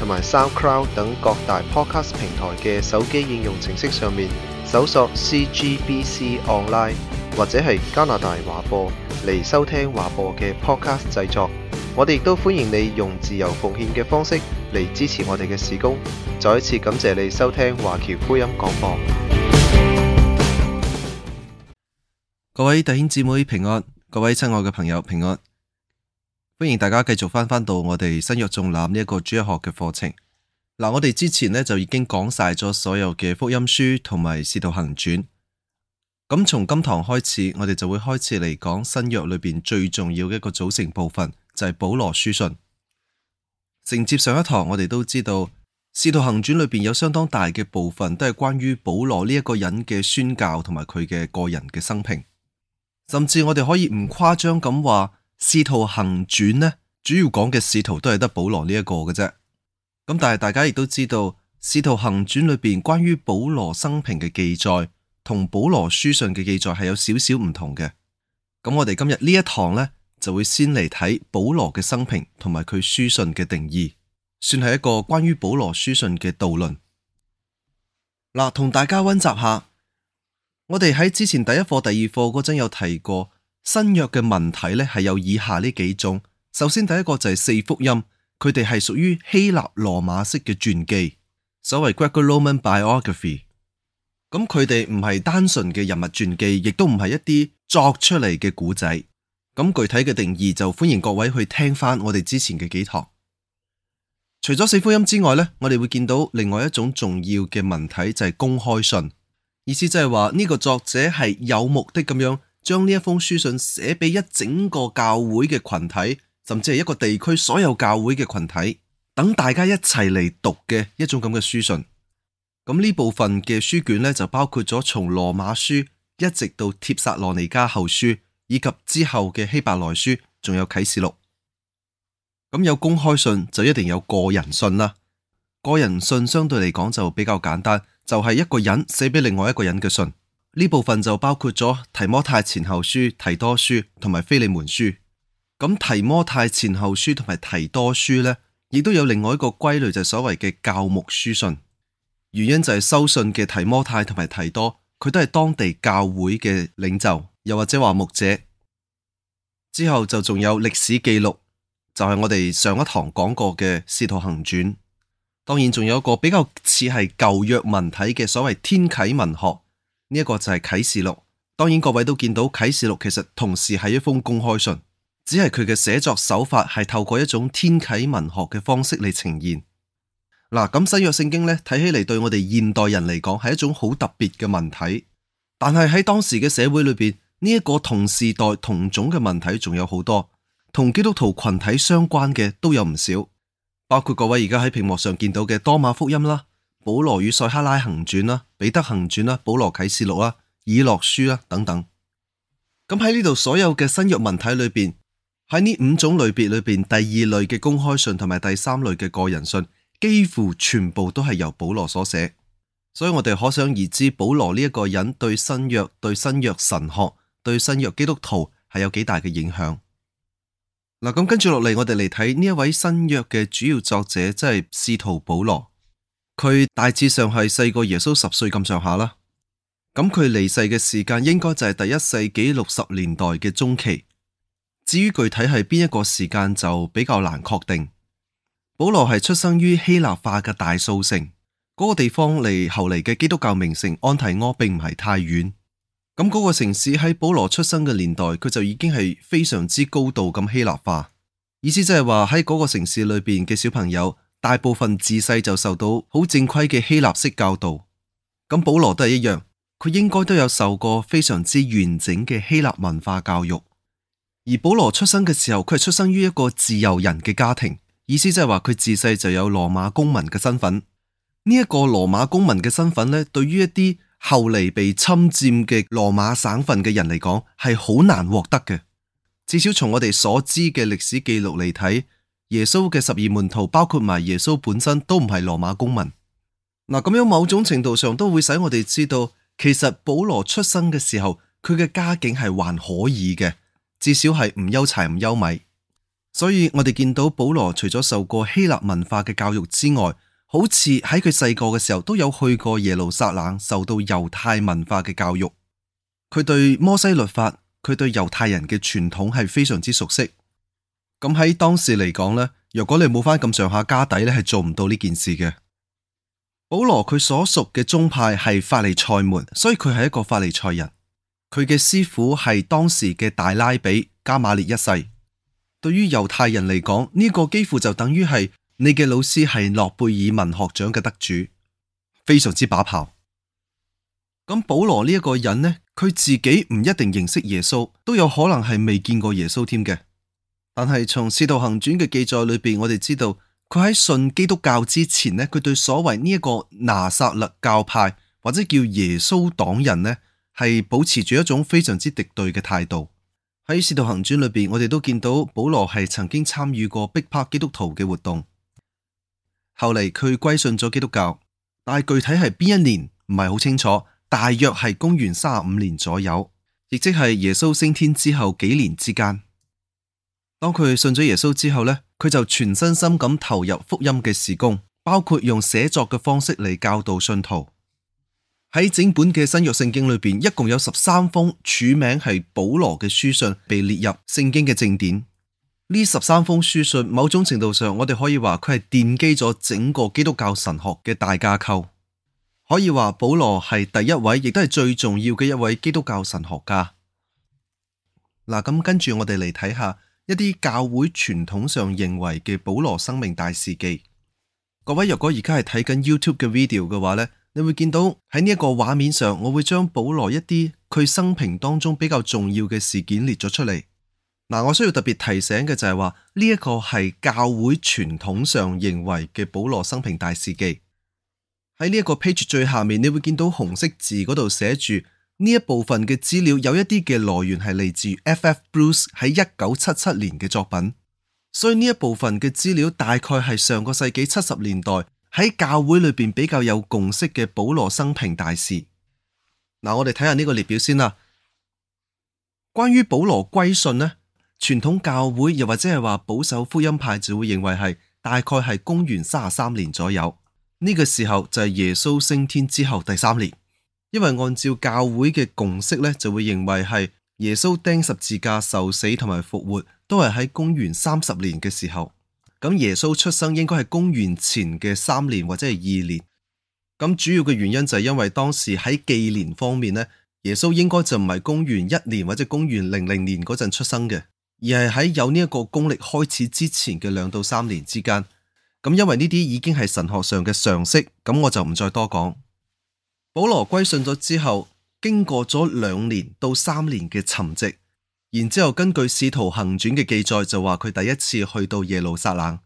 同埋 SoundCloud 等各大 Podcast 平台嘅手機應用程式上面搜索 CGBC Online 或者係加拿大華播嚟收聽華播嘅 Podcast 製作，我哋亦都歡迎你用自由奉獻嘅方式嚟支持我哋嘅事工。再一次感謝你收聽華僑福音廣播。各位弟兄姊妹平安，各位親愛嘅朋友平安。歡迎大家繼續翻返到我哋新約綜覽呢一個主日學嘅課程。嗱、啊，我哋之前呢就已經講晒咗所有嘅福音書同埋《使徒行傳》嗯。咁從今堂開始，我哋就會開始嚟講新約裏邊最重要嘅一個組成部分，就係、是、保羅書信。承接上一堂，我哋都知道《使徒行傳》裏邊有相當大嘅部分都係關於保羅呢一個人嘅宣教同埋佢嘅個人嘅生平，甚至我哋可以唔誇張咁話。《使徒行傳》呢，主要講嘅使徒都係得保羅呢一個嘅啫。咁但係大家亦都知道，《使徒行傳》裏邊關於保羅生平嘅記載，同保羅書信嘅記載係有少少唔同嘅。咁、嗯、我哋今日呢一堂呢，就會先嚟睇保羅嘅生平同埋佢書信嘅定義，算係一個關於保羅書信嘅導論。嗱，同大家溫習下，我哋喺之前第一課、第二課嗰陣有提過。新約嘅文體咧，係有以下呢幾種，首先第一個就係四福音，佢哋係屬於希臘羅馬式嘅傳記，所謂 Greco-Roman biography。咁佢哋唔係單純嘅人物傳記，亦都唔係一啲作出嚟嘅古仔。咁具體嘅定義就歡迎各位去聽翻我哋之前嘅幾堂。除咗四福音之外咧，我哋會見到另外一種重要嘅文體就係公開信，意思就係話呢個作者係有目的咁樣，將呢一封書信寫俾一整個教會嘅群體，甚至係一個地區所有教會嘅群體，等大家一齊嚟讀嘅一種咁嘅書信。咁呢部分嘅書卷呢，就包括咗從羅馬書一直到帖撒羅尼加後書，以及之後嘅希伯來書，仲有啟示錄。咁有公開信就一定有個人信啦。個人信相對嚟講就比較簡單，就係一個人寫俾另外一個人嘅信。呢部分就包括咗提摩太前後書、提多書同埋菲利門書。咁提摩太前後書同埋提多書呢，亦都有另外一個歸類，就係所謂嘅教牧書信。原因就係收信嘅提摩太同埋提多，佢都係當地教會嘅領袖，又或者話牧者。之後就仲有歷史記錄，就係、是、我哋上一堂講過嘅《使徒行傳》，當然仲有一個比較似係舊約文體嘅所謂天啟文學。呢一個就係啟示錄，當然各位都見到啟示錄其實同時係一封公開信，只係佢嘅寫作手法係透過一種天啟文學嘅方式嚟呈現。嗱，咁新約聖經咧，睇起嚟對我哋現代人嚟講係一種好特別嘅文體，但係喺當時嘅社會裏邊呢一個同時代同種嘅文體仲有好多，同基督徒群體相關嘅都有唔少，包括各位而家喺屏幕上見到嘅多馬福音啦、保羅與塞克拉行傳啦、彼得行傳啦、保羅啟示錄啦、以諾書啦等等。咁喺呢度所有嘅新約文體裏邊，喺呢五種類別裏邊，第二類嘅公開信同埋第三類嘅個人信，幾乎全部都係由保羅所寫。所以我哋可想而知，保羅呢一個人對新約、對新約神學、對新約基督徒係有幾大嘅影響。嗱，咁跟住落嚟，我哋嚟睇呢一位新約嘅主要作者，即係使徒保羅。佢大致上係細過耶穌十歲咁上下啦，咁佢離世嘅時間應該就係第一世紀六十年代嘅中期，至於具體係邊一個時間就比較難確定。保羅係出生於希臘化嘅大數城，嗰、那個地方離後嚟嘅基督教名城安提阿並唔係太遠，咁、那、嗰個城市喺保羅出生嘅年代，佢就已經係非常之高度咁希臘化，意思就係話喺嗰個城市裏邊嘅小朋友。大部分自細就受到好正規嘅希臘式教導，咁保羅都係一樣，佢應該都有受過非常之完整嘅希臘文化教育。而保羅出生嘅時候，佢係出生於一個自由人嘅家庭，意思即係話佢自細就有羅馬公民嘅身份。呢、這、一個羅馬公民嘅身份呢，對於一啲後嚟被侵佔嘅羅馬省份嘅人嚟講，係好難獲得嘅。至少從我哋所知嘅歷史記錄嚟睇。耶穌嘅十二門徒，包括埋耶穌本身，都唔係羅馬公民，嗱，咁樣某種程度上都會使我哋知道，其實保羅出生嘅時候，佢嘅家境係還可以嘅，至少係唔憂柴唔憂米。所以我哋見到保羅除咗受過希臘文化嘅教育之外，好似喺佢細個嘅時候都有去過耶路撒冷，受到猶太文化嘅教育。佢對摩西律法，佢對猶太人嘅傳統係非常之熟悉。咁喺當時嚟講呢，如果你冇翻咁上下家底呢，係做唔到呢件事嘅。保羅佢所屬嘅宗派係法利賽門，所以佢係一個法利賽人。佢嘅師傅係當時嘅大拉比加馬列一世。對於猶太人嚟講，呢個幾乎就等於係你嘅老師係諾貝爾文學獎嘅得主，非常之把炮。咁保羅呢一個人呢，佢自己唔一定認識耶穌，都有可能係未見過耶穌添嘅。但係從《使徒行傳》嘅記載裏邊，我哋知道佢喺信基督教之前咧，佢對所謂呢一個拿撒勒教派或者叫耶穌黨人咧，係保持住一種非常之敵對嘅態度。喺《使徒行傳》裏邊，我哋都見到保羅係曾經參與過逼迫基督徒嘅活動，後嚟佢歸信咗基督教，但係具體係邊一年唔係好清楚，大約係公元三十五年左右，亦即係耶穌升天之後幾年之間。當佢信咗耶穌之後呢，佢就全身心咁投入福音嘅事工，包括用寫作嘅方式嚟教導信徒。喺整本嘅新約聖經裏邊，一共有十三封署名係保羅嘅書信被列入聖經嘅正典。呢十三封書信，某種程度上，我哋可以話佢係奠基咗整個基督教神學嘅大架構。可以話保羅係第一位，亦都係最重要嘅一位基督教神學家。嗱，咁跟住我哋嚟睇下。一啲教會傳統上認為嘅保羅生命大事記，各位若果而家係睇緊 YouTube 嘅 video 嘅話呢，你會見到喺呢一個畫面上，我會將保羅一啲佢生平當中比較重要嘅事件列咗出嚟。嗱，我需要特別提醒嘅就係話，呢一個係教會傳統上認為嘅保羅生平大事記。喺呢一個 page 最下面，你會見到紅色字嗰度寫住。呢一部分嘅資料有一啲嘅來源係嚟自 F. F. Bruce 喺一九七七年嘅作品，所以呢一部分嘅資料大概係上個世紀七十年代喺教會裏邊比較有共識嘅保羅生平大事。嗱，我哋睇下呢個列表先啦。關於保羅歸信呢，傳統教會又或者係話保守福音派就會認為係大概係公元三十三年左右，呢個時候就係耶穌升天之後第三年。因為按照教會嘅共識咧，就會認為係耶穌釘十字架、受死同埋復活都係喺公元三十年嘅時候。咁耶穌出生應該係公元前嘅三年或者係二年。咁主要嘅原因就係因為當時喺紀年方面咧，耶穌應該就唔係公元一年或者公元零零年嗰陣出生嘅，而係喺有呢一個公曆開始之前嘅兩到三年之間。咁因為呢啲已經係神學上嘅常識，咁我就唔再多講。保羅歸信咗之後，經過咗兩年到三年嘅沉寂，然之後根據《使徒行傳》嘅記載，就話佢第一次去到耶路撒冷，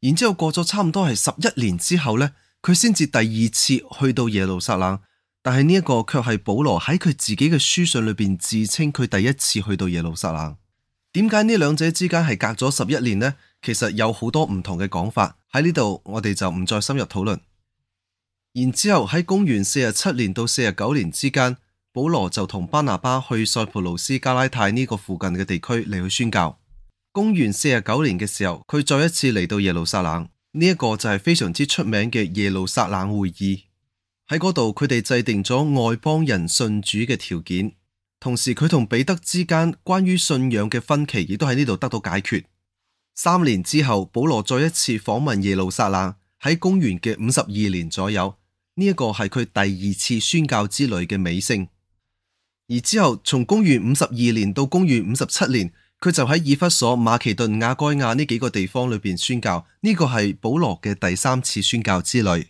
然之後過咗差唔多係十一年之後呢，佢先至第二次去到耶路撒冷。但係呢一個卻係保羅喺佢自己嘅書信裏邊自稱佢第一次去到耶路撒冷。點解呢兩者之間係隔咗十一年呢？其實有好多唔同嘅講法，喺呢度我哋就唔再深入討論。然之後喺公元四十七年到四十九年之間，保羅就同巴拿巴去塞浦路斯、加拉太呢個附近嘅地區嚟去宣教。公元四十九年嘅時候，佢再一次嚟到耶路撒冷，呢一個就係非常之出名嘅耶路撒冷會議。喺嗰度，佢哋制定咗外邦人信主嘅條件，同時佢同彼得之間關於信仰嘅分歧亦都喺呢度得到解決。三年之後，保羅再一次訪問耶路撒冷，喺公元嘅五十二年左右。呢一個係佢第二次宣教之旅嘅尾聲，而之後從公元五十二年到公元五十七年，佢就喺以弗所、馬其頓、亞該亞呢幾個地方裏邊宣教。呢個係保羅嘅第三次宣教之旅。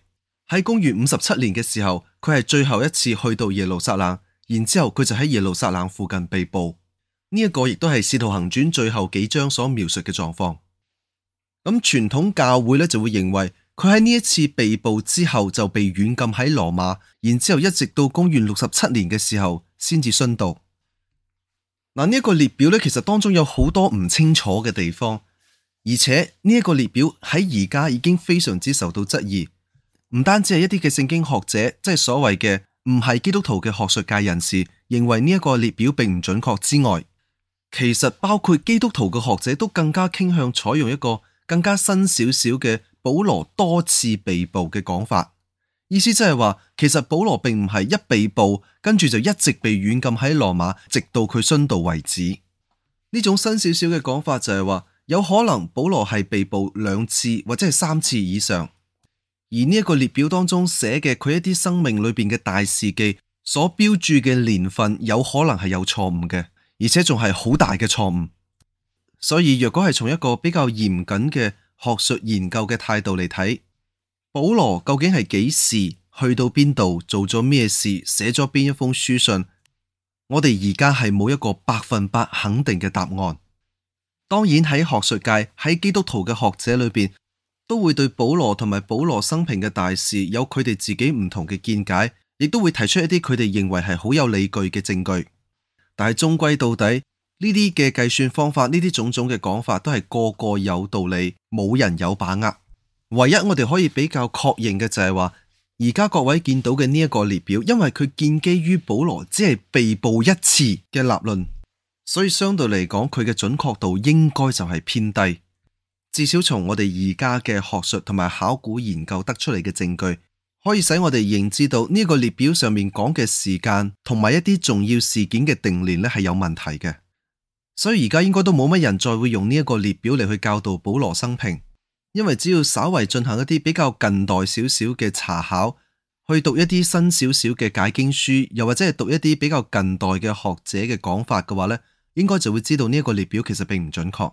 喺公元五十七年嘅時候，佢係最後一次去到耶路撒冷，然之後佢就喺耶路撒冷附近被捕。呢一個亦都係《使徒行傳》最後幾章所描述嘅狀況。咁傳統教會呢就會認為，佢喺呢一次被捕之後就被軟禁喺羅馬，然之後一直到公元六十七年嘅時候先至殉道。嗱呢一個列表咧，其實當中有好多唔清楚嘅地方，而且呢一個列表喺而家已經非常之受到質疑。唔單止係一啲嘅聖經學者，即係所謂嘅唔係基督徒嘅學術界人士認為呢一個列表並唔準確之外，其實包括基督徒嘅學者都更加傾向採用一個更加新少少嘅。保羅多次被捕嘅講法，意思即係話，其實保羅並唔係一被捕，跟住就一直被軟禁喺羅馬，直到佢殉道為止。呢種新少少嘅講法就係話，有可能保羅係被捕兩次或者係三次以上。而呢一個列表當中寫嘅佢一啲生命裏邊嘅大事記所標注嘅年份，有可能係有錯誤嘅，而且仲係好大嘅錯誤。所以若果係從一個比較嚴謹嘅，學術研究嘅態度嚟睇，保羅究竟係幾時去到邊度做咗咩事，寫咗邊一封書信？我哋而家係冇一個百分百肯定嘅答案。當然喺學術界，喺基督徒嘅學者裏邊，都會對保羅同埋保羅生平嘅大事有佢哋自己唔同嘅見解，亦都會提出一啲佢哋認為係好有理據嘅證據。但係終歸到底，呢啲嘅計算方法，呢啲種種嘅講法，都係個個有道理，冇人有把握。唯一我哋可以比較確認嘅就係話，而家各位見到嘅呢一個列表，因為佢建基於保羅只係被捕一次嘅立論，所以相對嚟講，佢嘅準確度應該就係偏低。至少從我哋而家嘅學術同埋考古研究得出嚟嘅證據，可以使我哋認知到呢個列表上面講嘅時間同埋一啲重要事件嘅定年咧係有問題嘅。所以而家應該都冇乜人再會用呢一個列表嚟去教導保羅生平，因為只要稍為進行一啲比較近代少少嘅查考，去讀一啲新少少嘅解經書，又或者係讀一啲比較近代嘅學者嘅講法嘅話呢，應該就會知道呢一個列表其實並唔準確。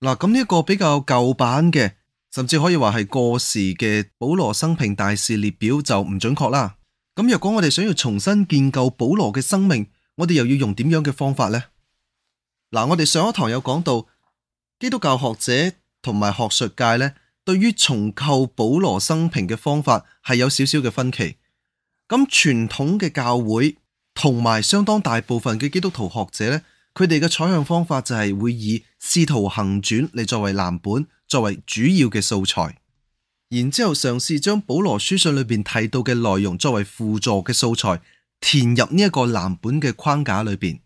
嗱，咁呢一個比較舊版嘅，甚至可以話係過時嘅保羅生平大事列表就唔準確啦。咁若果我哋想要重新建構保羅嘅生命，我哋又要用點樣嘅方法呢？嗱，我哋上一堂有講到，基督教學者同埋學術界咧，對於重構保羅生平嘅方法係有少少嘅分歧。咁傳統嘅教會同埋相當大部分嘅基督徒學者咧，佢哋嘅採用方法就係會以《使徒行傳》嚟作為藍本，作為主要嘅素材，然之後嘗試將保羅書信裏邊提到嘅內容作為輔助嘅素材，填入呢一個藍本嘅框架裏邊。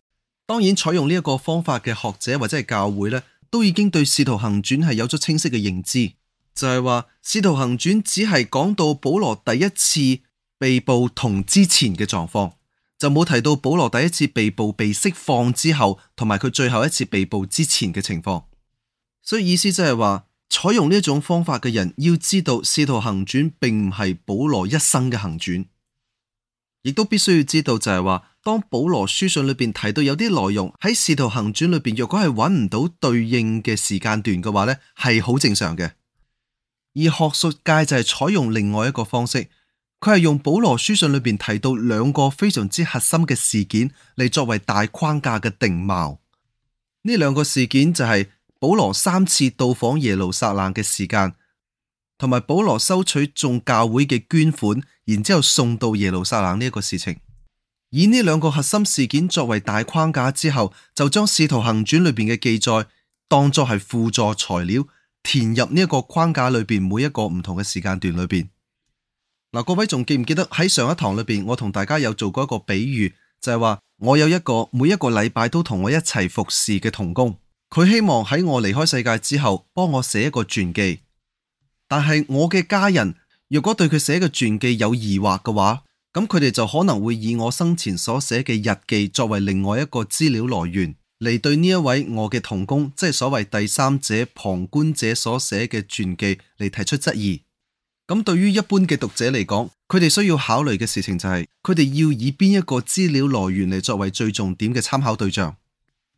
當然，採用呢一個方法嘅學者或者係教會咧，都已經對《使徒行傳》係有咗清晰嘅認知，就係話《使徒行傳》只係講到保羅第一次被捕同之前嘅狀況，就冇提到保羅第一次被捕被釋放之後，同埋佢最後一次被捕之前嘅情況。所以意思即係話，採用呢種方法嘅人要知道《使徒行傳》並唔係保羅一生嘅行傳，亦都必須要知道就係話。當保羅書信裏邊提到有啲內容喺使徒行傳裏邊，若果係揾唔到對應嘅時間段嘅話呢，係好正常嘅。而學術界就係採用另外一個方式，佢係用保羅書信裏邊提到兩個非常之核心嘅事件嚟，作為大框架嘅定貌。呢兩個事件就係保羅三次到訪耶路撒冷嘅時間，同埋保羅收取眾教會嘅捐款，然之後送到耶路撒冷呢一個事情。以呢兩個核心事件作為大框架之後，就將《使徒行傳》裏邊嘅記載當作係輔助材料，填入呢一個框架裏邊每一個唔同嘅時間段裏邊。嗱、啊，各位仲記唔記得喺上一堂裏邊，我同大家有做過一個比喻，就係、是、話我有一個每一個禮拜都同我一齊服侍嘅童工，佢希望喺我離開世界之後，幫我寫一個傳記。但係我嘅家人如果對佢寫嘅傳記有疑惑嘅話，咁佢哋就可能會以我生前所寫嘅日記作為另外一個資料來源嚟，對呢一位我嘅同工，即係所謂第三者旁觀者所寫嘅傳記嚟提出質疑。咁對於一般嘅讀者嚟講，佢哋需要考慮嘅事情就係佢哋要以邊一個資料來源嚟作為最重點嘅參考對象，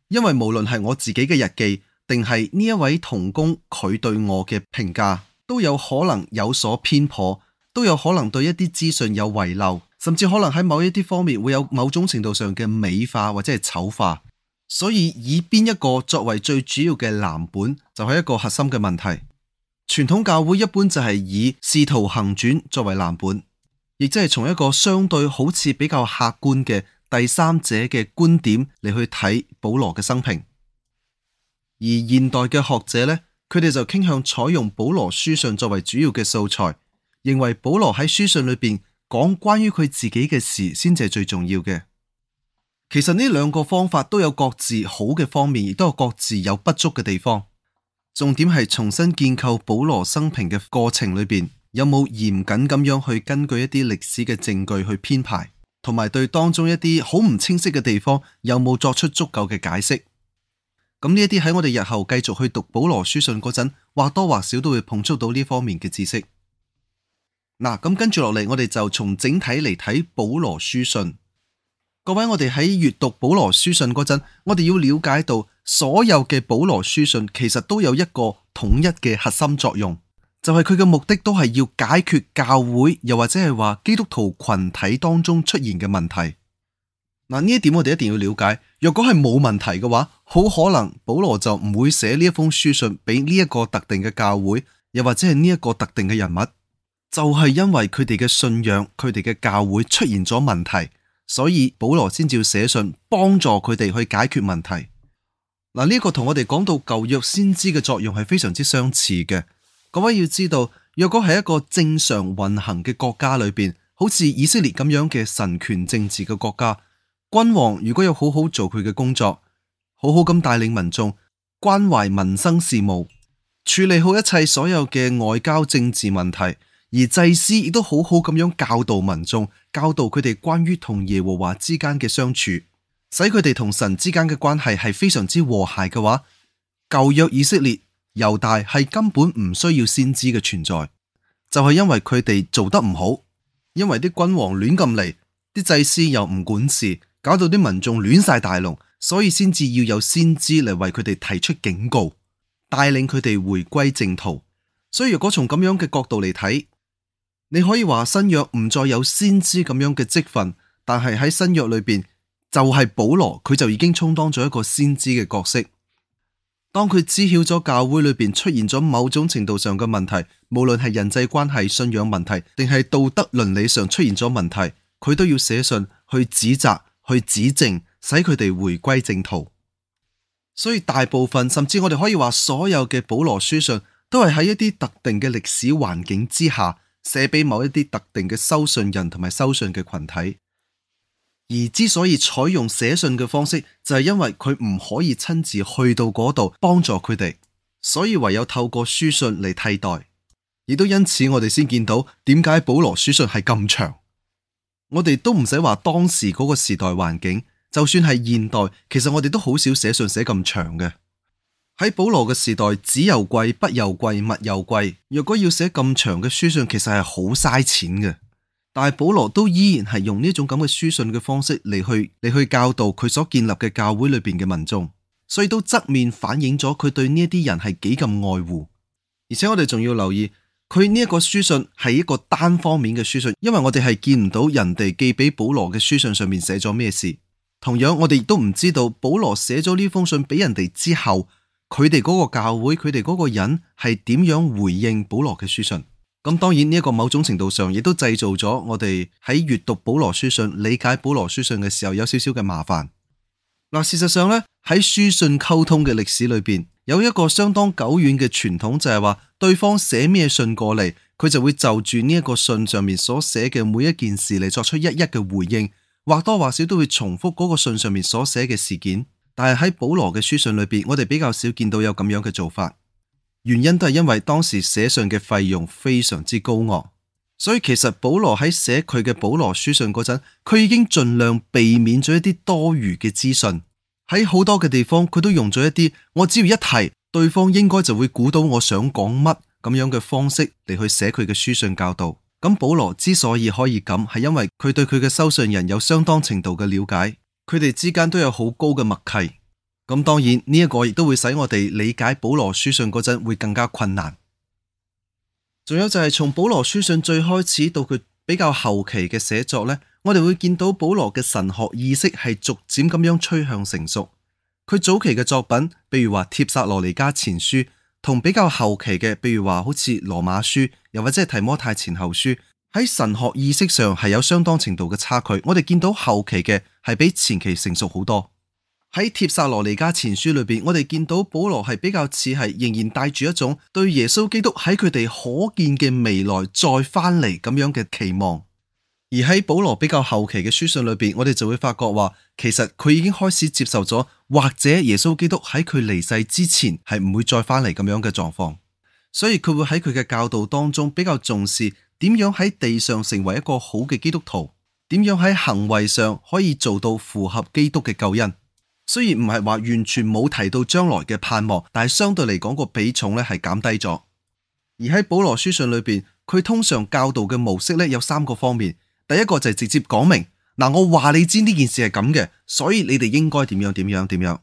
因為無論係我自己嘅日記定係呢一位同工佢對我嘅評價，都有可能有所偏頗，都有可能對一啲資訊有遺漏。甚至可能喺某一啲方面會有某種程度上嘅美化或者係醜化，所以以邊一個作為最主要嘅藍本就係一個核心嘅問題。傳統教會一般就係以《使徒行傳》作為藍本，亦即係從一個相對好似比較客觀嘅第三者嘅觀點嚟去睇保羅嘅生平。而現代嘅學者咧，佢哋就傾向採用保羅書信作為主要嘅素材，認為保羅喺書信裏邊。講關於佢自己嘅事，先至係最重要嘅。其實呢兩個方法都有各自好嘅方面，亦都有各自有不足嘅地方。重點係重新建構保羅生平嘅過程裏邊，有冇嚴謹咁樣去根據一啲歷史嘅證據去編排，同埋對當中一啲好唔清晰嘅地方，有冇作出足夠嘅解釋。咁呢一啲喺我哋日後繼續去讀保羅書信嗰陣，或多或少都會碰觸到呢方面嘅知識。嗱，咁跟住落嚟，我哋就從整體嚟睇保羅書信。各位，我哋喺閱讀保羅書信嗰陣，我哋要了解到所有嘅保羅書信其實都有一個統一嘅核心作用，就係佢嘅目的都係要解決教會，又或者係話基督徒群體當中出現嘅問題。嗱，呢一點我哋一定要了解。若果係冇問題嘅話，好可能保羅就唔會寫呢一封書信俾呢一個特定嘅教會，又或者係呢一個特定嘅人物。就係因為佢哋嘅信仰，佢哋嘅教會出現咗問題，所以保羅先至要寫信幫助佢哋去解決問題。嗱，呢個同我哋講到舊約先知嘅作用係非常之相似嘅。各位要知道，若果係一個正常運行嘅國家裏邊，好似以色列咁樣嘅神權政治嘅國家，君王如果要好好做佢嘅工作，好好咁帶領民眾，關懷民生事務，處理好一切所有嘅外交政治問題。而祭司亦都好好咁樣教導民眾，教導佢哋關於同耶和華之間嘅相處，使佢哋同神之間嘅關係係非常之和諧嘅話，舊約以色列、猶大係根本唔需要先知嘅存在，就係因為佢哋做得唔好，因為啲君王亂咁嚟，啲祭司又唔管事，搞到啲民眾亂晒大龍，所以先至要有先知嚟為佢哋提出警告，帶領佢哋回歸正途。所以如果從咁樣嘅角度嚟睇，你可以話新約唔再有先知咁樣嘅職份，但係喺新約裏邊就係保羅，佢就已經充當咗一個先知嘅角色。當佢知曉咗教會裏邊出現咗某種程度上嘅問題，無論係人際關係、信仰問題，定係道德倫理上出現咗問題，佢都要寫信去指責、去指正，使佢哋回歸正途。所以大部分，甚至我哋可以話所有嘅保羅書信都係喺一啲特定嘅歷史環境之下。寫俾某一啲特定嘅收信人同埋收信嘅群體，而之所以採用寫信嘅方式，就係因為佢唔可以親自去到嗰度幫助佢哋，所以唯有透過書信嚟替代。亦都因此，我哋先見到點解保羅書信係咁長。我哋都唔使話當時嗰個時代環境，就算係現代，其實我哋都好少寫信寫咁長嘅。喺保羅嘅時代，紙又貴，筆又貴，物又貴。若果要寫咁長嘅書信，其實係好嘥錢嘅。但係保羅都依然係用呢種咁嘅書信嘅方式嚟去嚟去教導佢所建立嘅教會裏邊嘅民眾，所以都側面反映咗佢對呢啲人係幾咁愛護。而且我哋仲要留意，佢呢一個書信係一個單方面嘅書信，因為我哋係見唔到人哋寄俾保羅嘅書信上面寫咗咩事。同樣，我哋亦都唔知道保羅寫咗呢封信俾人哋之後。佢哋嗰個教會，佢哋嗰個人係點樣回應保羅嘅書信？咁當然呢一個某種程度上，亦都製造咗我哋喺閱讀保羅書信、理解保羅書信嘅時候有少少嘅麻煩。嗱，事實上呢，喺書信溝通嘅歷史裏邊，有一個相當久遠嘅傳統就，就係話對方寫咩信過嚟，佢就會就住呢一個信上面所寫嘅每一件事嚟作出一一嘅回應，或多或少都會重複嗰個信上面所寫嘅事件。但係喺保羅嘅書信裏邊，我哋比較少見到有咁樣嘅做法，原因都係因為當時寫信嘅費用非常之高昂，所以其實保羅喺寫佢嘅保羅書信嗰陣，佢已經盡量避免咗一啲多餘嘅資訊。喺好多嘅地方，佢都用咗一啲我只要一提，對方應該就會估到我想講乜咁樣嘅方式嚟去寫佢嘅書信教導。咁保羅之所以可以咁，係因為佢對佢嘅收信人有相當程度嘅了解。佢哋之間都有好高嘅默契，咁當然呢一個亦都會使我哋理解保羅書信嗰陣會更加困難。仲有就係從保羅書信最開始到佢比較後期嘅寫作呢，我哋會見到保羅嘅神學意識係逐漸咁樣趨向成熟。佢早期嘅作品，譬如話帖撒羅尼加前書，同比較後期嘅，譬如話好似羅馬書，又或者係提摩太前後書。喺神學意識上係有相當程度嘅差距。我哋見到後期嘅係比前期成熟好多。喺帖撒羅尼加前書裏邊，我哋見到保羅係比較似係仍然帶住一種對耶穌基督喺佢哋可見嘅未來再翻嚟咁樣嘅期望。而喺保羅比較後期嘅書信裏邊，我哋就會發覺話，其實佢已經開始接受咗或者耶穌基督喺佢離世之前係唔會再翻嚟咁樣嘅狀況。所以佢會喺佢嘅教導當中比較重視。點樣喺地上成為一個好嘅基督徒？點樣喺行為上可以做到符合基督嘅救恩？雖然唔係話完全冇提到將來嘅盼望，但係相對嚟講，個比重咧係減低咗。而喺保羅書信裏邊，佢通常教導嘅模式咧有三個方面。第一個就係直接講明，嗱，我話你知呢件事係咁嘅，所以你哋應該點樣點樣點樣。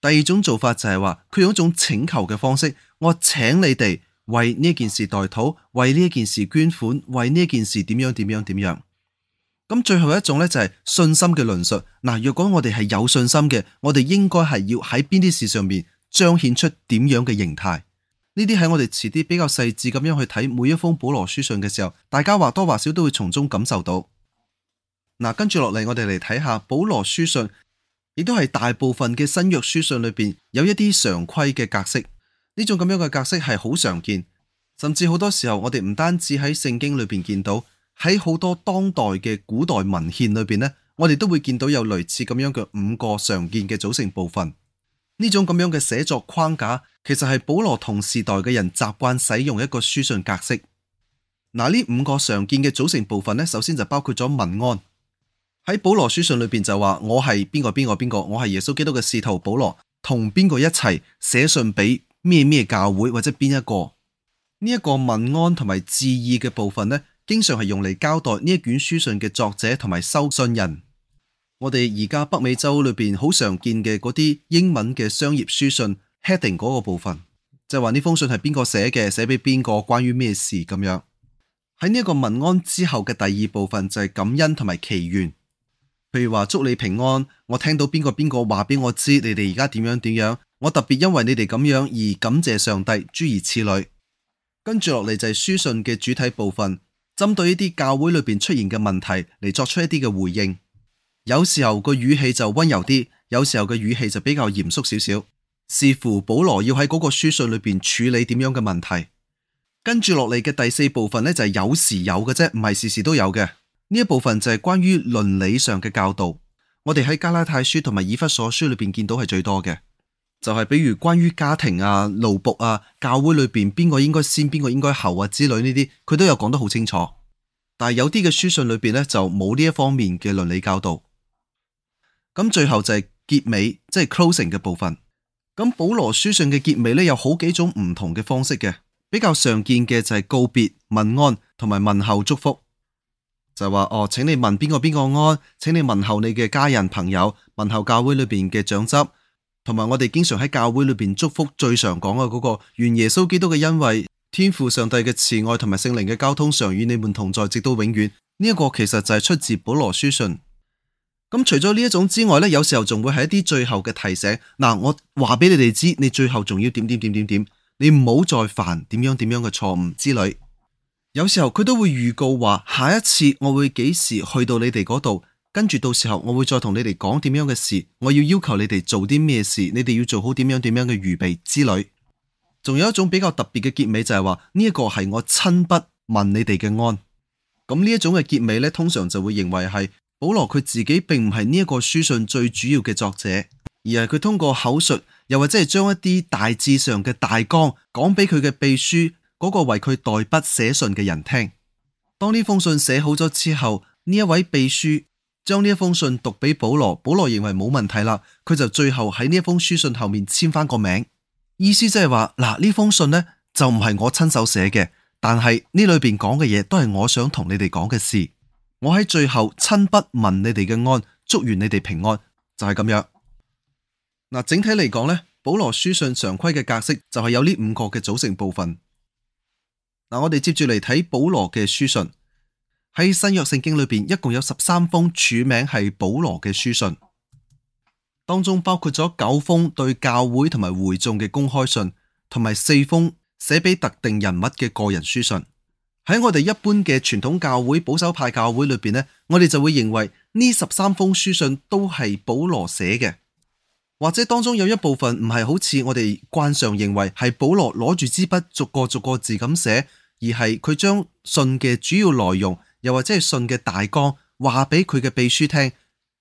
第二種做法就係話佢用一種請求嘅方式，我請你哋。為呢件事代禱，為呢件事捐款，為呢件事點樣點樣點樣。咁最後一種呢，就係信心嘅論述。嗱，若果我哋係有信心嘅，我哋應該係要喺邊啲事上面彰顯出點樣嘅形態。呢啲喺我哋遲啲比較細緻咁樣去睇每一封保羅書信嘅時候，大家或多或少都會從中感受到。嗱，跟住落嚟，我哋嚟睇下保羅書信，亦都係大部分嘅新約書信裏邊有一啲常規嘅格式。呢種咁樣嘅格式係好常見，甚至好多時候我哋唔單止喺聖經裏邊見到，喺好多當代嘅古代文獻裏邊呢，我哋都會見到有類似咁樣嘅五個常見嘅組成部分。呢種咁樣嘅寫作框架，其實係保羅同時代嘅人習慣使用一個書信格式。嗱，呢五個常見嘅組成部分呢，首先就包括咗文安。喺保羅書信裏邊就話：我係邊個邊個邊個，我係耶穌基督嘅使徒保羅，同邊個一齊寫信俾。咩咩教會或者邊一個？呢、這、一個問安同埋致意嘅部分呢，經常係用嚟交代呢一卷書信嘅作者同埋收信人。我哋而家北美洲裏邊好常見嘅嗰啲英文嘅商業書信 heading 嗰個部分，就話、是、呢封信係邊個寫嘅，寫俾邊個，關於咩事咁樣。喺呢一個問安之後嘅第二部分就係感恩同埋祈願，譬如話祝你平安，我聽到邊個邊個話俾我知，你哋而家點樣點樣。我特別因為你哋咁樣而感謝上帝諸如此類，跟住落嚟就係書信嘅主體部分，針對一啲教會裏邊出現嘅問題嚟作出一啲嘅回應。有時候個語氣就温柔啲，有時候嘅語氣就比較嚴肅少少，視乎保羅要喺嗰個書信裏邊處理點樣嘅問題。跟住落嚟嘅第四部分呢，就係有時有嘅啫，唔係時時都有嘅。呢一部分就係關於倫理上嘅教導，我哋喺加拉太書同埋以弗所書裏邊見到係最多嘅。就係比如關於家庭啊、勞僕啊、教會裏邊邊個應該先邊個應該後啊之類呢啲，佢都有講得好清楚。但係有啲嘅書信裏邊呢，就冇呢一方面嘅倫理教導。咁最後就係結尾，即係 closing 嘅部分。咁保羅書信嘅結尾呢，有好幾種唔同嘅方式嘅，比較常見嘅就係告別、問安同埋問候祝福。就話哦，請你問邊個邊個安，請你問候你嘅家人朋友，問候教會裏邊嘅長執。同埋我哋經常喺教會裏邊祝福，最常講嘅嗰個，願耶穌基督嘅恩惠、天父上帝嘅慈愛同埋聖靈嘅交通常與你們同在，直到永遠，呢一個其實就係出自保羅書信。咁除咗呢一種之外呢，有時候仲會係一啲最後嘅提醒嗱，我話俾你哋知，你最後仲要點點點點點，你唔好再犯點樣點樣嘅錯誤之類。有時候佢都會預告話，下一次我會幾時去到你哋嗰度。跟住到時候我會再同你哋講點樣嘅事，我要要求你哋做啲咩事，你哋要做好點樣點樣嘅預備之類。仲有一種比較特別嘅結尾就係話呢一個係我親筆問你哋嘅安。咁呢一種嘅結尾呢，通常就會認為係保羅佢自己並唔係呢一個書信最主要嘅作者，而係佢通過口述，又或者係將一啲大致上嘅大綱講俾佢嘅秘書嗰個為佢代筆寫信嘅人聽。當呢封信寫好咗之後，呢一位秘書。將呢一封信讀俾保羅，保羅認為冇問題啦，佢就最後喺呢一封書信後面簽翻個名意思即係話嗱，呢封信呢，就唔係我親手寫嘅，但係呢裏邊講嘅嘢都係我想同你哋講嘅事，我喺最後親筆問你哋嘅安，祝願你哋平安，就係咁樣。嗱，整體嚟講呢，保羅書信常規嘅格式就係有呢五個嘅組成部分。嗱，我哋接住嚟睇保羅嘅書信。喺新約聖經裏邊，一共有十三封署名係保羅嘅書信，當中包括咗九封對教會同埋會眾嘅公開信，同埋四封寫俾特定人物嘅個人書信。喺我哋一般嘅傳統教會保守派教會裏邊呢，我哋就會認為呢十三封書信都係保羅寫嘅，或者當中有一部分唔係好似我哋慣常認為係保羅攞住支筆逐個逐個字咁寫，而係佢將信嘅主要內容。又或者係信嘅大綱，話俾佢嘅秘書聽，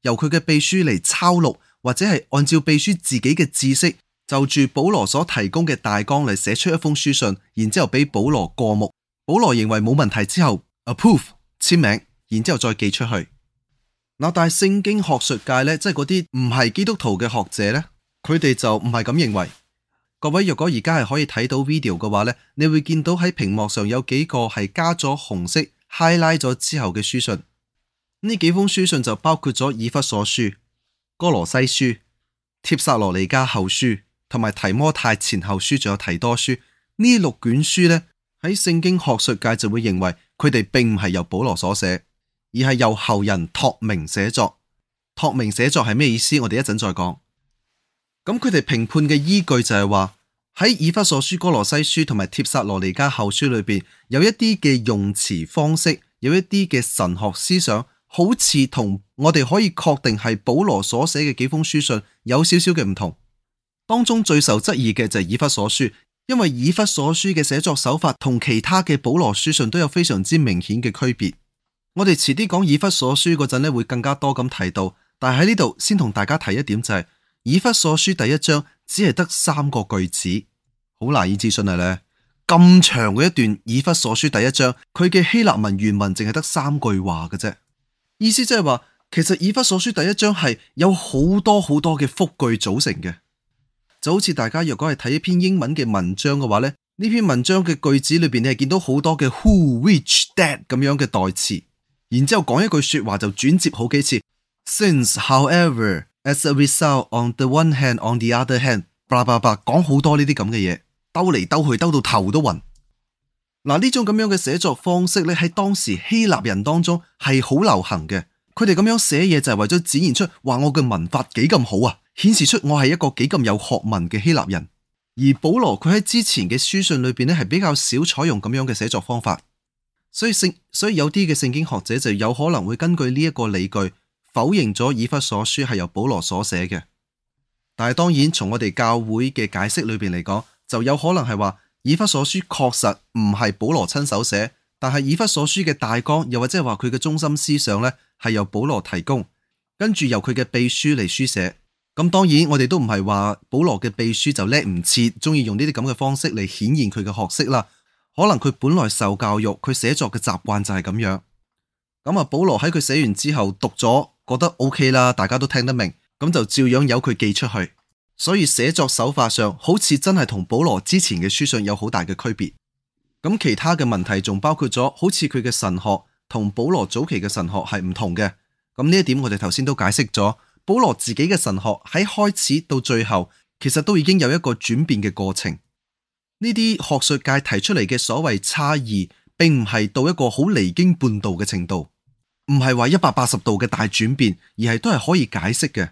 由佢嘅秘書嚟抄錄，或者係按照秘書自己嘅知識，就住保羅所提供嘅大綱嚟寫出一封書信，然之後俾保羅過目。保羅認為冇問題之後 approve 簽名，然之後再寄出去。嗱，但係聖經學術界呢，即係嗰啲唔係基督徒嘅學者呢，佢哋就唔係咁認為。各位如果而家係可以睇到 video 嘅話呢，你會見到喺屏幕上有幾個係加咗紅色。highlight 咗之後嘅書信，呢幾封書信就包括咗以弗所書、哥羅西書、帖撒羅尼加後書、同埋提摩太前後書，仲有提多書呢六卷書咧。喺聖經學術界就會認為佢哋並唔係由保羅所寫，而係由後人託名寫作。託名寫作係咩意思？我哋一陣再講。咁佢哋評判嘅依據就係話。喺以弗所書、歌羅西書同埋帖撒羅尼迦後書裏邊，有一啲嘅用詞方式，有一啲嘅神學思想，好似同我哋可以確定係保羅所寫嘅幾封書信有少少嘅唔同。當中最受質疑嘅就係、是、以弗所書，因為以弗所書嘅寫作手法同其他嘅保羅書信都有非常之明顯嘅區別。我哋遲啲講以弗所書嗰陣呢，會更加多咁提到。但係喺呢度先同大家提一點就係、是。以弗所書第一章只係得三個句子，好難以置信啊！咧咁長嘅一段以弗所書第一章，佢嘅希臘文原文淨係得三句話嘅啫。意思即係話，其實以弗所書第一章係有好多好多嘅複句組成嘅，就好似大家若果係睇一篇英文嘅文章嘅話咧，呢篇文章嘅句子裏邊你係見到好多嘅 who、which、that 咁樣嘅代詞，然之後講一句說話就轉接好幾次，since、however。As a result, on the one hand, on the other hand，叭叭叭，講好多呢啲咁嘅嘢，兜嚟兜去，兜到頭都暈。嗱，呢種咁樣嘅寫作方式咧，喺當時希臘人當中係好流行嘅。佢哋咁樣寫嘢就係為咗展現出話我嘅文法幾咁好啊，顯示出我係一個幾咁有學問嘅希臘人。而保羅佢喺之前嘅書信裏邊咧，係比較少採用咁樣嘅寫作方法。所以聖，所以有啲嘅聖經學者就有可能會根據呢一個理據。否認咗以弗所書係由保羅所寫嘅，但係當然從我哋教會嘅解釋裏邊嚟講，就有可能係話以弗所書確實唔係保羅親手寫，但係以弗所書嘅大綱又或者係話佢嘅中心思想呢，係由保羅提供，跟住由佢嘅秘書嚟書寫。咁當然我哋都唔係話保羅嘅秘書就叻唔切，中意用呢啲咁嘅方式嚟顯現佢嘅學識啦。可能佢本來受教育，佢寫作嘅習慣就係咁樣。咁啊，保羅喺佢寫完之後讀咗。覺得 O K 啦，大家都聽得明，咁就照樣由佢寄出去。所以寫作手法上，好似真係同保羅之前嘅書信有好大嘅區別。咁其他嘅問題仲包括咗，好似佢嘅神學同保羅早期嘅神學係唔同嘅。咁呢一點我哋頭先都解釋咗，保羅自己嘅神學喺開始到最後，其實都已經有一個轉變嘅過程。呢啲學術界提出嚟嘅所謂差異，並唔係到一個好離經叛道嘅程度。唔係話一百八十度嘅大轉變，而係都係可以解釋嘅。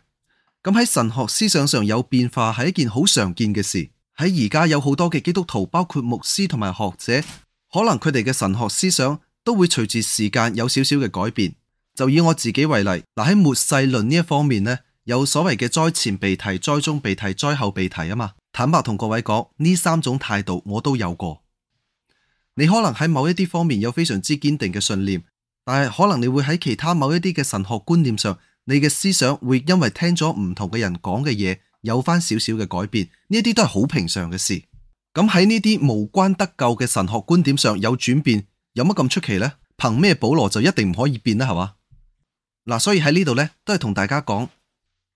咁喺神學思想上有變化係一件好常見嘅事。喺而家有好多嘅基督徒，包括牧師同埋學者，可能佢哋嘅神學思想都會隨住時間有少少嘅改變。就以我自己為例，嗱，喺末世論呢一方面呢，有所謂嘅災前被提、災中被提、災後被提啊嘛。坦白同各位講，呢三種態度我都有過。你可能喺某一啲方面有非常之堅定嘅信念。但係可能你會喺其他某一啲嘅神學觀念上，你嘅思想會因為聽咗唔同嘅人講嘅嘢，有翻少少嘅改變，呢啲都係好平常嘅事。咁喺呢啲無關得救嘅神學觀點上有轉變，有乜咁出奇呢？憑咩保羅就一定唔可以變呢？係嘛？嗱、啊，所以喺呢度呢，都係同大家講，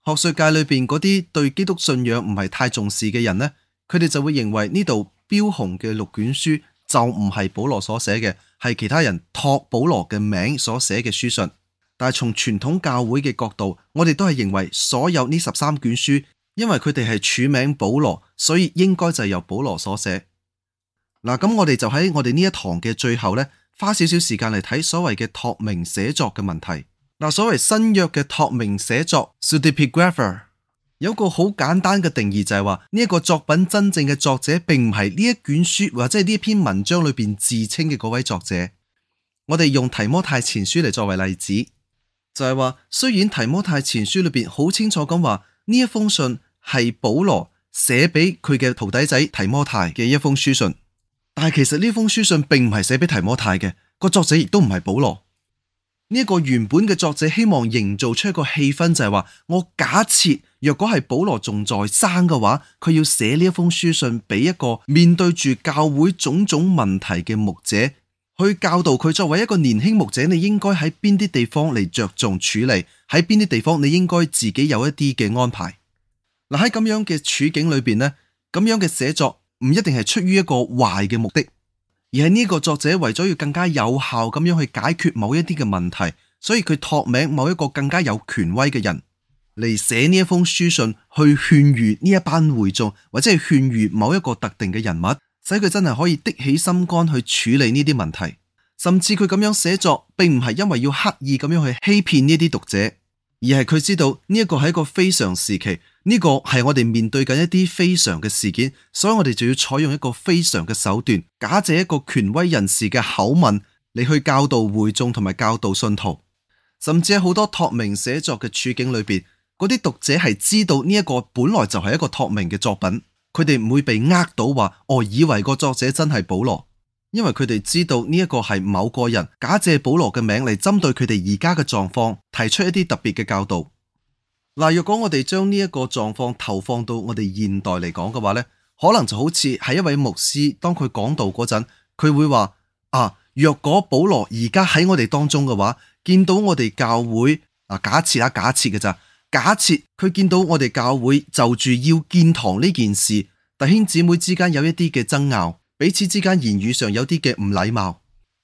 學術界裏邊嗰啲對基督信仰唔係太重視嘅人呢，佢哋就會認為呢度標紅嘅六卷書就唔係保羅所寫嘅。係其他人託保羅嘅名所寫嘅書信，但係從傳統教會嘅角度，我哋都係認為所有呢十三卷書，因為佢哋係署名保羅，所以應該就係由保羅所寫。嗱，咁我哋就喺我哋呢一堂嘅最後呢，花少少時間嚟睇所謂嘅託名寫作嘅問題。嗱，所謂新約嘅託名寫作，pseudepigrapha。有一個好簡單嘅定義就係話呢一個作品真正嘅作者並唔係呢一卷書或者呢一篇文章裏邊自稱嘅嗰位作者。我哋用提摩太前書嚟作為例子，就係話，雖然提摩太前書裏邊好清楚咁話呢一封信係保羅寫俾佢嘅徒弟仔提摩太嘅一封書信，但係其實呢封書信並唔係寫俾提摩太嘅，個作者亦都唔係保羅。呢一個原本嘅作者希望營造出一個氣氛就，就係話我假設若果係保羅仲在生嘅話，佢要寫呢一封書信俾一個面對住教會種種問題嘅牧者，去教導佢作為一個年輕牧者，你應該喺邊啲地方嚟着重處理，喺邊啲地方你應該自己有一啲嘅安排。嗱，喺咁樣嘅處境裏邊咧，咁樣嘅寫作唔一定係出於一個壞嘅目的。而係呢個作者為咗要更加有效咁樣去解決某一啲嘅問題，所以佢託名某一個更加有權威嘅人嚟寫呢一封書信，去勸喻呢一班會眾，或者係勸喻某一個特定嘅人物，使佢真係可以的起心肝去處理呢啲問題。甚至佢咁樣寫作，並唔係因為要刻意咁樣去欺騙呢啲讀者，而係佢知道呢一個係一個非常時期。呢個係我哋面對緊一啲非常嘅事件，所以我哋就要採用一個非常嘅手段，假借一個權威人士嘅口吻嚟去教導會眾同埋教導信徒。甚至喺好多託名寫作嘅處境裏邊，嗰啲讀者係知道呢一個本來就係一個託名嘅作品，佢哋唔會被呃到話，哦，我以為個作者真係保羅，因為佢哋知道呢一個係某個人假借保羅嘅名嚟針對佢哋而家嘅狀況提出一啲特別嘅教導。嗱，若果我哋將呢一個狀況投放到我哋現代嚟講嘅話咧，可能就好似係一位牧師，當佢講道嗰陣，佢會話啊，若果保羅而家喺我哋當中嘅話，見到我哋教會啊，假設啊，假設嘅咋，假設佢見到我哋教會就住要建堂呢件事，弟兄姊妹之間有一啲嘅爭拗，彼此之間言語上有啲嘅唔禮貌。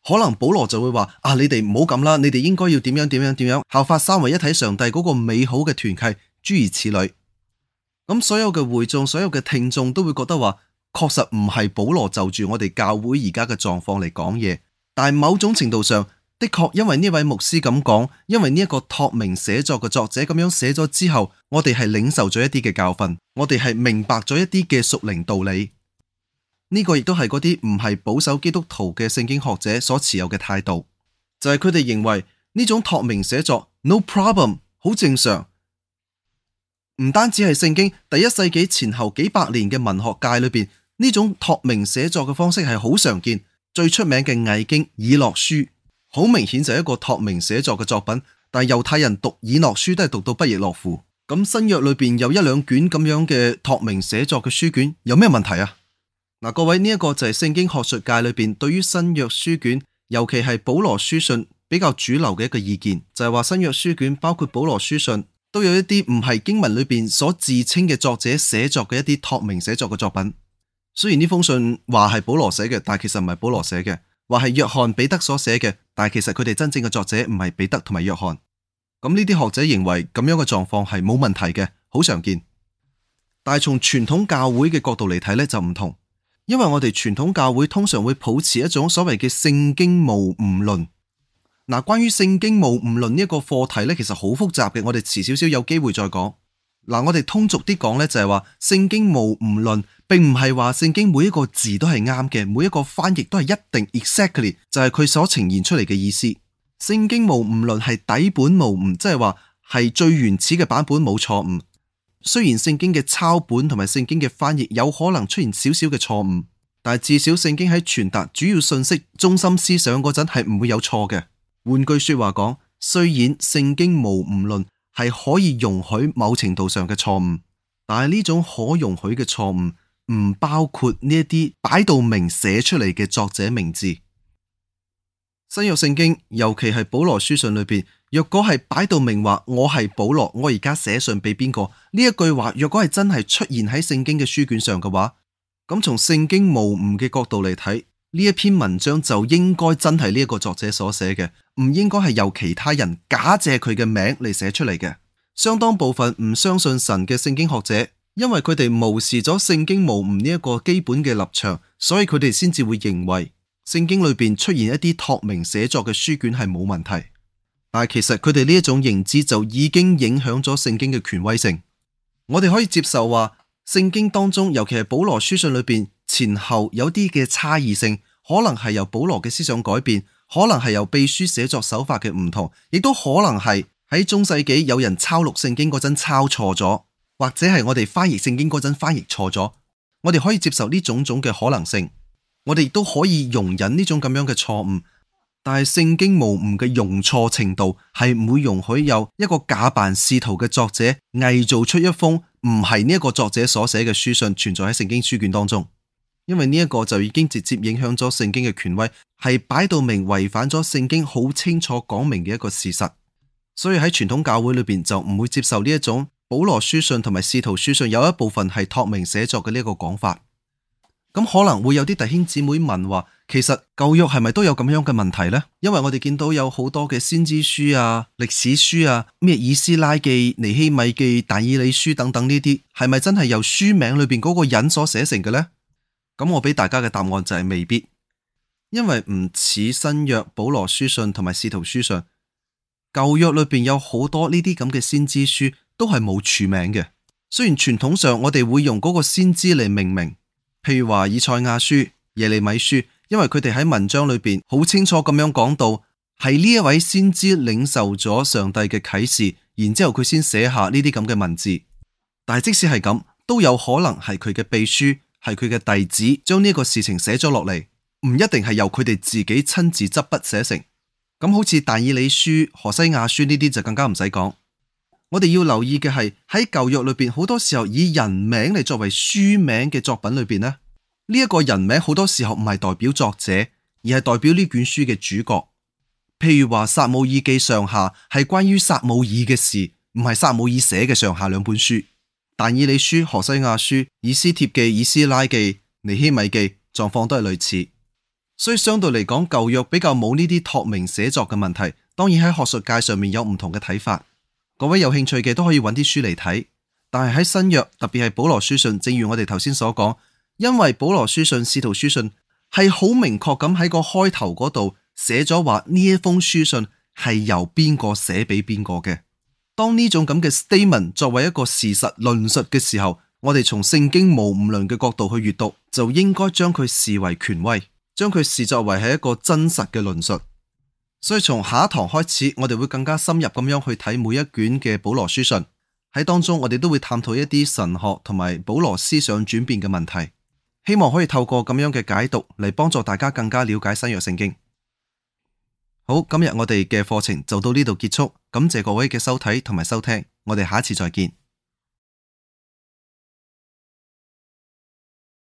可能保羅就會話：啊，你哋唔好咁啦，你哋應該要點樣點樣點樣效法三位一體上帝嗰個美好嘅團契，諸如此類。咁所有嘅會眾、所有嘅聽眾都會覺得話，確實唔係保羅就住我哋教會而家嘅狀況嚟講嘢。但某種程度上，的確因為呢位牧師咁講，因為呢一個託名寫作嘅作者咁樣寫咗之後，我哋係領受咗一啲嘅教訓，我哋係明白咗一啲嘅屬靈道理。呢個亦都係嗰啲唔係保守基督徒嘅聖經學者所持有嘅態度，就係佢哋認為呢種託明寫作 no problem 好正常。唔單止係聖經第一世紀前後幾百年嘅文學界裏邊，呢種託明寫作嘅方式係好常見。最出名嘅《偽經》《以諾書》好明顯就係一個託明寫作嘅作品，但係猶太人讀《以諾書》都係讀到不亦樂乎。咁新約裏邊有一兩卷咁樣嘅託明寫作嘅書卷，有咩問題啊？嗱，各位，呢一個就係聖經學術界裏邊對於新約書卷，尤其係保羅書信比較主流嘅一個意見，就係話新約書卷包括保羅書信，都有一啲唔係經文裏邊所自稱嘅作者寫作嘅一啲託名寫作嘅作品。雖然呢封信話係保羅寫嘅，但係其實唔係保羅寫嘅；話係約翰彼得所寫嘅，但係其實佢哋真正嘅作者唔係彼得同埋約翰。咁呢啲學者認為咁樣嘅狀況係冇問題嘅，好常見。但係從傳統教會嘅角度嚟睇呢，就唔同。因為我哋傳統教會通常會抱持一種所謂嘅聖經無誤論。嗱，關於聖經無誤論呢一個課題呢，其實好複雜嘅。我哋遲少少有機會再講。嗱，我哋通俗啲講呢，就係話聖經無誤論，並唔係話聖經每一個字都係啱嘅，每一個翻譯都係一定 exactly 就係佢所呈現出嚟嘅意思。聖經無誤論係底本無誤，即係話係最原始嘅版本冇錯誤。雖然聖經嘅抄本同埋聖經嘅翻譯有可能出現少少嘅錯誤，但係至少聖經喺傳達主要信息、中心思想嗰陣係唔會有錯嘅。換句說話講，雖然聖經無誤論係可以容許某程度上嘅錯誤，但係呢種可容許嘅錯誤唔包括呢一啲擺到明寫出嚟嘅作者名字。新約聖經，尤其係保羅書信裏邊，若果係擺到明話，我係保羅，我而家寫信俾邊個，呢一句話，若果係真係出現喺聖經嘅書卷上嘅話，咁從聖經無誤嘅角度嚟睇，呢一篇文章就應該真係呢一個作者所寫嘅，唔應該係由其他人假借佢嘅名嚟寫出嚟嘅。相當部分唔相信神嘅聖經學者，因為佢哋無視咗聖經無誤呢一個基本嘅立場，所以佢哋先至會認為。聖經裏邊出現一啲託名寫作嘅書卷係冇問題，但係其實佢哋呢一種認知就已經影響咗聖經嘅權威性。我哋可以接受話，聖經當中，尤其係保羅書信裏邊前後有啲嘅差異性，可能係由保羅嘅思想改變，可能係由秘書寫作手法嘅唔同，亦都可能係喺中世紀有人抄錄聖經嗰陣抄錯咗，或者係我哋翻譯聖經嗰陣翻譯錯咗。我哋可以接受呢種種嘅可能性。我哋亦都可以容忍呢種咁樣嘅錯誤，但係聖經無誤嘅容錯程度係唔會容許有一個假扮使徒嘅作者偽造出一封唔係呢一個作者所寫嘅書信存在喺聖經書卷當中，因為呢一個就已經直接影響咗聖經嘅權威，係擺到明違反咗聖經好清楚講明嘅一個事實，所以喺傳統教會裏邊就唔會接受呢一種保羅書信同埋使徒書信有一部分係託名寫作嘅呢一個講法。咁可能會有啲弟兄姊妹問話，其實舊約係咪都有咁樣嘅問題呢？因為我哋見到有好多嘅先知書啊、歷史書啊、咩以斯拉記、尼希米記、但以理書等等呢啲，係咪真係由書名裏邊嗰個人所寫成嘅呢？咁我俾大家嘅答案就係未必，因為唔似新約保羅書信同埋使徒書上，舊約裏邊有好多呢啲咁嘅先知書都係冇署名嘅。雖然傳統上我哋會用嗰個先知嚟命名。譬如話以賽亞書、耶利米書，因為佢哋喺文章裏邊好清楚咁樣講到，係呢一位先知領受咗上帝嘅啟示，然之後佢先寫下呢啲咁嘅文字。但係即使係咁，都有可能係佢嘅秘書，係佢嘅弟子將呢個事情寫咗落嚟，唔一定係由佢哋自己親自執筆寫成。咁好似但以理書、何西阿書呢啲就更加唔使講。我哋要留意嘅係喺舊約裏邊，好多時候以人名嚟作為書名嘅作品裏邊呢，呢一個人名好多時候唔係代表作者，而係代表呢卷書嘅主角。譬如話《撒母耳記》上下係關於撒母耳嘅事，唔係撒母耳寫嘅上下兩本書。《但以理書》《何西亞書》《以斯帖記》《以斯拉記》《尼希米記》狀況都係類似。所以相對嚟講，舊約比較冇呢啲託名寫作嘅問題。當然喺學術界上面有唔同嘅睇法。各位有興趣嘅都可以揾啲書嚟睇，但係喺新約，特別係保羅書信，正如我哋頭先所講，因為保羅書信、使徒書信係好明確咁喺個開頭嗰度寫咗話呢一封書信係由邊個寫俾邊個嘅。當呢種咁嘅 statement 作為一個事實論述嘅時候，我哋從聖經無誤論嘅角度去閱讀，就應該將佢視為權威，將佢視作為係一個真實嘅論述。所以從下一堂開始，我哋會更加深入咁樣去睇每一卷嘅保羅書信，喺當中我哋都會探討一啲神學同埋保羅思想轉變嘅問題，希望可以透過咁樣嘅解讀嚟幫助大家更加了解新約聖經。好，今日我哋嘅課程就到呢度結束，感謝各位嘅收睇同埋收聽，我哋下一次再見。